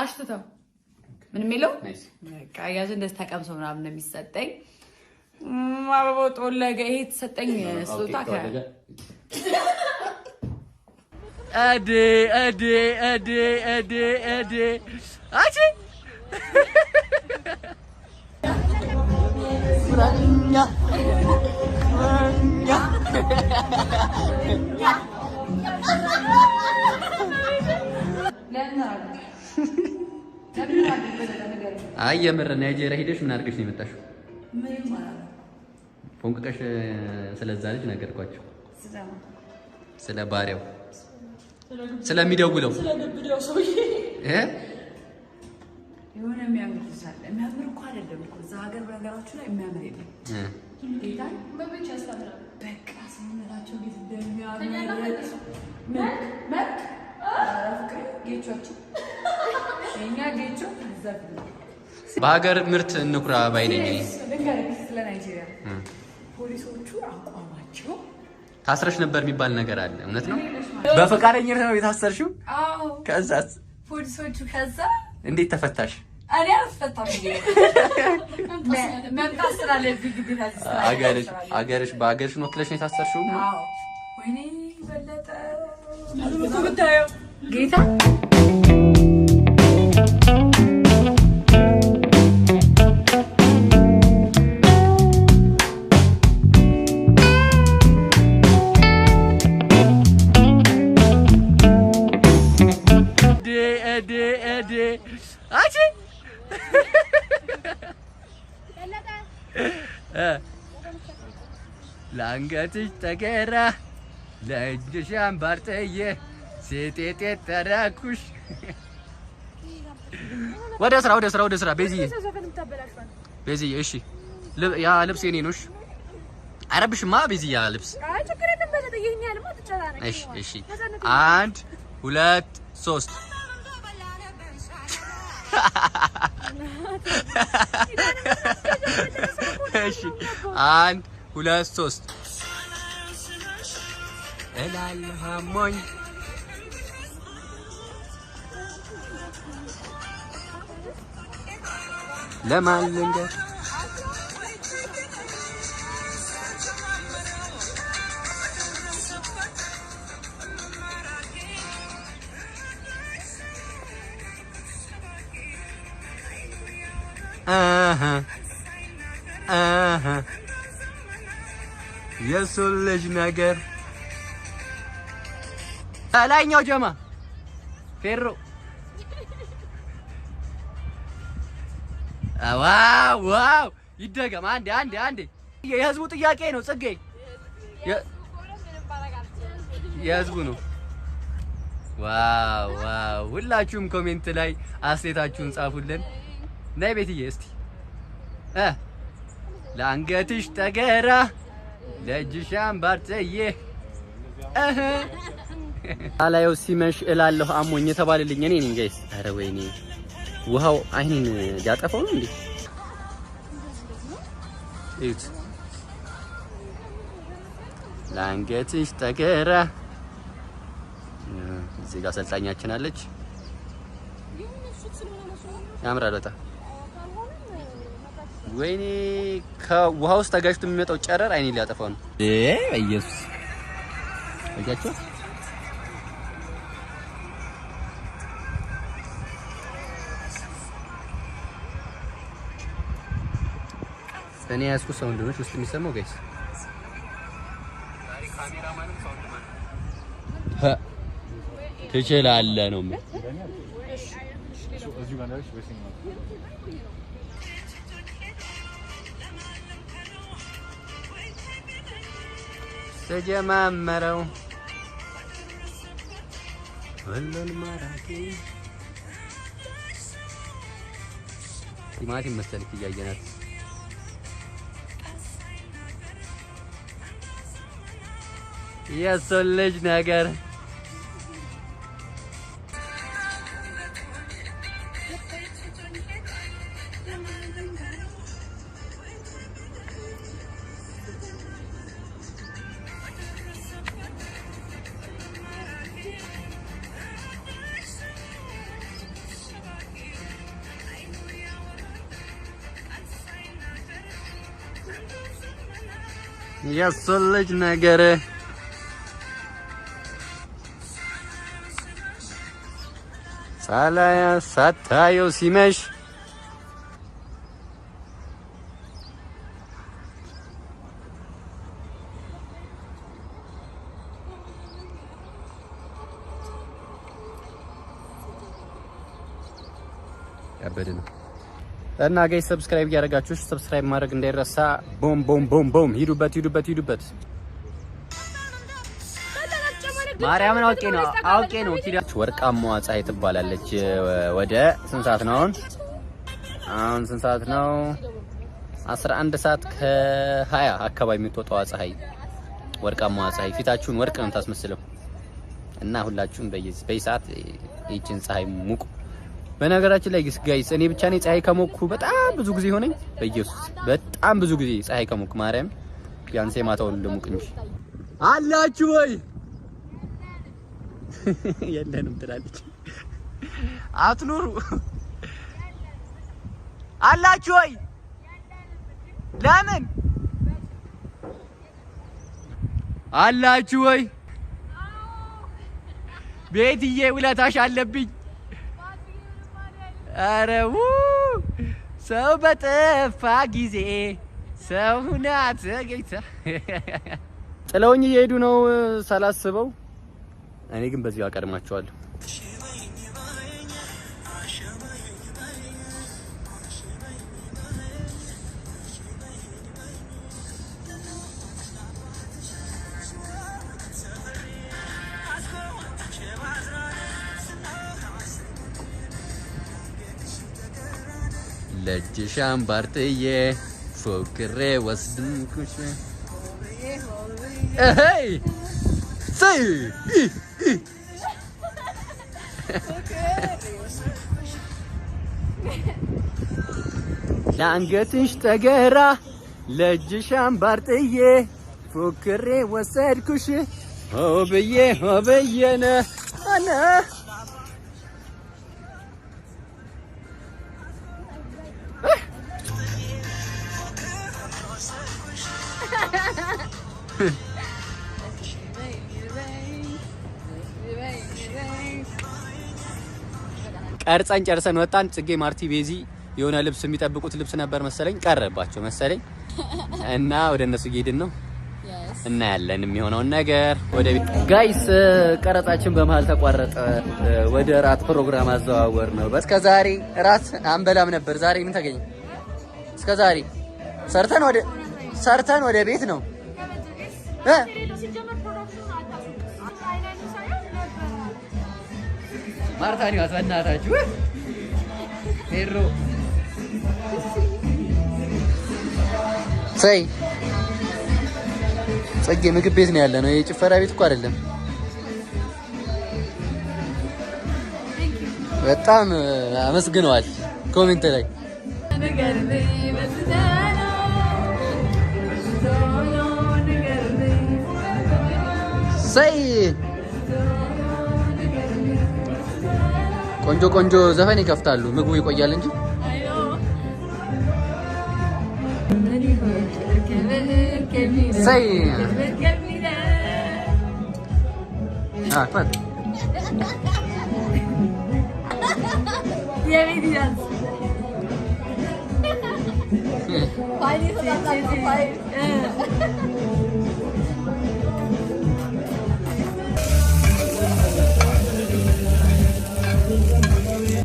አሽትተው ምንም የለው ያዝ እንደዚህ ተቀምሶ ምናምን ነው የሚሰጠኝ። አበባው ጠወለገ። ይሄ የተሰጠኝ ስጦታ ከ አይ የምር ናይጄሪያ ሄደሽ ምን አድርገሽ ነው የመጣሽው? ፎንቅቀሽ ስለዛ ልጅ ነገርኳቸው። ስለ ባሪያው ስለሚደውለው የሆነ የሚያምር ልጅ የሚያምር እኮ አይደለም እኮ እዛ ሀገር በነገራችሁ ላይ የሚያምር የለም። በሀገር ምርት እንኩራ ባይነኝ ፖሊሶቹ አቋማቸው ታስረሽ ነበር የሚባል ነገር አለ። እውነት ነው? በፈቃደኝነት ነው የታሰርሽው? ከዛ ፖሊሶቹ ከዛ እንዴት ተፈታሽ? እኔ አልፈታሽ። በሀገርሽን ወክለሽ ነው የታሰርሽው? ወይኔ በለጠ ጉዳዩ ጌታ አንቺ ለአንገትሽ ተገራ ለእጅሽ አምባር ጥዬ ወደ ስራ ወደ ስራ ወደ ስራ። እሺ ያ ልብስ የኔ ነው። እሺ ያ ልብስ። አንድ ሁለት ሶስት እሺ አንድ ሁለት ሶስት እላለሁ አሞኝ ለማን ልንገር የሱን ልጅ ነገር ላይኛው ጀማ ፌሮ ዋው ዋው፣ ይደገም። አንዴ አንዴ አንዴ። የህዝቡ ጥያቄ ነው። ጽጌ የህዝቡ ነው። ዋው ዋው! ሁላችሁም ኮሜንት ላይ አስተያየታችሁን ጻፉልን። ነይ ቤትዬ እስቲ ለአንገትሽ ጠገራ ለእጅሽ አምባር ጥዬ አላየው ሲመሽ እላለሁ አሞኝ የተባለልኝ እኔ ነኝ ጋይስ። አረ ወይኔ ውሃው አይኔን ያጠፋው ነው እንዴ? እዩት። ለአንገትሽ ጠገራ። እዚህ ጋር አሰልጣኛችን አለች። ያምራል በጣም ወይኔ ከውሃ ውስጥ ተጋጭቶ የሚመጣው ጨረር አይኔ ሊያጠፋው ነው። ኢየሱስ አያቸው እኔ ያስኩ ሰው እንደሆነች ውስጥ የሚሰማው ጋይስ ትችላለህ ነው ተጀማመረው ወሎን ማራኪ ቲማቲም መሰልክ እያየናት የሰው ልጅ ነገር የሱ ነገር ሳላያ ሳታየው ሲመሽ እና ጋይ ሰብስክራይብ እያደረጋችሁ ሰብስክራይብ ማድረግ እንዳይረሳ። ቦም ቦም ቦም ቦም። ሂዱበት ሂዱበት ሂዱበት። ማርያምን አውቄ ነው አውቄ ነው። ወርቃማዋ ፀሐይ ትባላለች። ወደ ስንት ሰዓት ነው አሁን? አሁን ስንት ሰዓት ነው? 11 ሰዓት ከ20 አካባቢ የምትወጣዋ ፀሐይ፣ ወርቃማዋ ፀሐይ ፊታችሁን ወርቅ ነው የምታስመስለው። እና ሁላችሁም በየሰዓት ይችን ፀሐይ ሙቁ። በነገራችን ላይ ጋይስ እኔ ብቻ ነኝ ፀሐይ ከሞኩ በጣም ብዙ ጊዜ ሆነኝ። በኢየሱስ በጣም ብዙ ጊዜ ፀሐይ ከሞኩ ማርያም፣ ቢያንስ የማታውን ልሙቅ እንጂ አላችሁ ወይ? የለንም ትላለች። አትኑሩ አላችሁ ወይ? ለምን አላችሁ ወይ? ቤትዬ ውለታሽ አለብኝ። አረው ሰው በጠፋ ጊዜ ሰው ሁና ተገኝታ ጥለውኝ እየሄዱ ነው ሳላስበው። እኔ ግን በዚህ አቀድማቸዋለሁ። ደጅሽ አንባርጥዬ ፎክሬ ወስድኩሽ ለአንገትሽ ተገራ ለእጅሽ አንባርጥዬ ፎክሬ ወሰድኩሽ ሆብዬ ሆብዬ ነ ቀርጸን ጨርሰን ወጣን። ጽጌ ማርቲ ቤዚ የሆነ ልብስ የሚጠብቁት ልብስ ነበር መሰለኝ ቀረባቸው መሰለኝ እና ወደ እነሱ እየሄድን ነው እና ያለን የሚሆነውን ነገር ወደ ቤት ጋይስ። ቀረጻችን በመሀል ተቋረጠ። ወደ ራት ፕሮግራም አዘዋወር ነው። እስከ ዛሬ ራት አንበላም ነበር። ዛሬ ምን ተገኘ? እስከ ዛሬ ሰርተን ወደ ሰርተን ወደ ቤት ነው ማርታን ያዝ በእናታችሁ ሄሎ ሰይ ጽጌ ምግብ ቤት ነው ያለ ነው። የጭፈራ ቤት እኮ አይደለም። በጣም አመስግነዋል ኮሜንት ላይ ሰይ ቆንጆ ቆንጆ ዘፈን ይከፍታሉ። ምግቡ ይቆያል እንጂ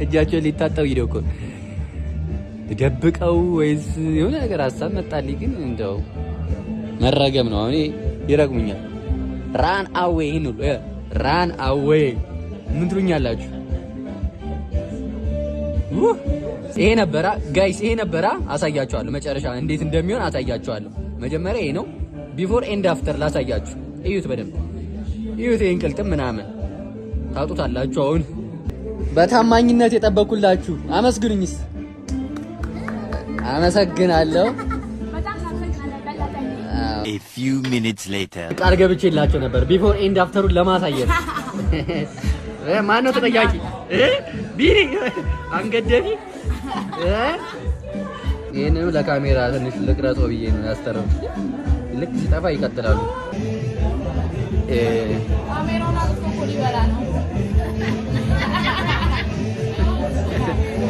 እጃቸውን ሊታጠብ ሂደው እኮ ደብቀው ወይስ የሆነ ነገር ሀሳብ መጣልኝ። ግን እንደው መረገም ነው። አሁን ይረግሙኛል። ራን አዌ ይህን ሁሉ ራን አዌ ምን ትሉኛላችሁ? ይሄ ነበራ ጋይስ፣ ይሄ ነበራ። አሳያችኋለሁ መጨረሻ እንዴት እንደሚሆን አሳያችኋለሁ። መጀመሪያ ይሄ ነው ቢፎር ኤንድ አፍተር ላሳያችሁ። እዩት፣ በደንብ እዩት። ይሄን ቅልጥም ምናምን ታጡታላችሁ አሁን በታማኝነት የጠበኩላችሁ አመስግኑኝስ። አመሰግናለሁ። A few minutes later ቃል ገብቼ ነበር ቢፎር ኤንድ አፍተሩን ለማሳየት። ማነው ተጠያቂ? ቢኒ አንገት ይህንኑ ለካሜራ ትንሽ ልቅረጾ ብዬ ነው ያስተረው። ልክ ሲጠፋ ይቀጥላሉ።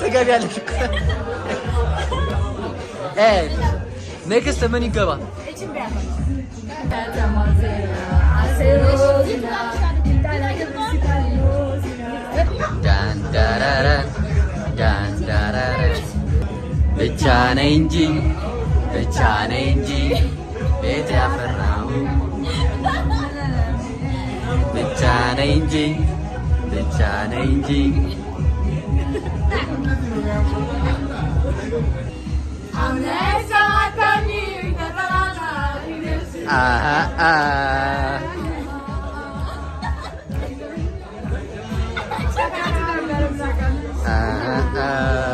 ትገቢያለሽ። ኔክስት ምን ይገባል ብቻ ነኝ እንጂ ብቻ ነኝ እንጂ ቤት ያፈራው ብቻ ነኝ እንጂ It's challenging. ah, ah. Ah, ah.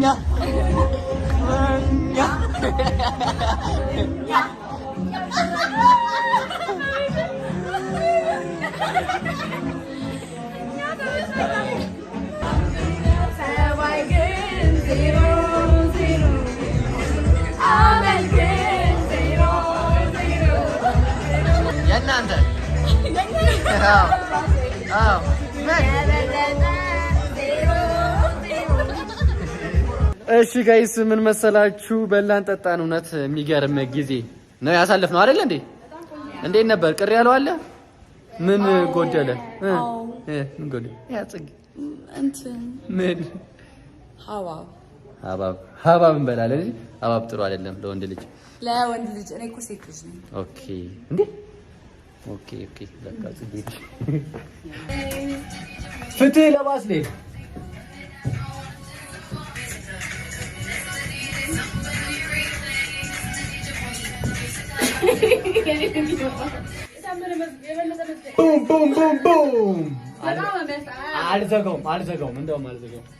nha nha nhá nhá nhá የእናንተ አዎ አዎ እሺ ጋይስ ምን መሰላችሁ፣ በላን ጠጣን። እውነት የሚገርም ጊዜ ነው ነው አይደል እንዴ? እንዴት ነበር? ቅር ያለው አለ? ምን ጎደለ? ምን ጎደለ? ያ ጽጌ እንትን ምን ሀባብ ሀባብ ሀባብ እንበላለን። ሀባብ ጥሩ አይደለም ለወንድ ልጅ ለወንድ ልጅ። እኔ እኮ ሴት ልጅ ነኝ። ኦኬ እንዴ ኦኬ ኦኬ። ለካ ጽጌ ፍትህ ለባስ ላይ Boom, boom, boom, boom. a l m a n z a g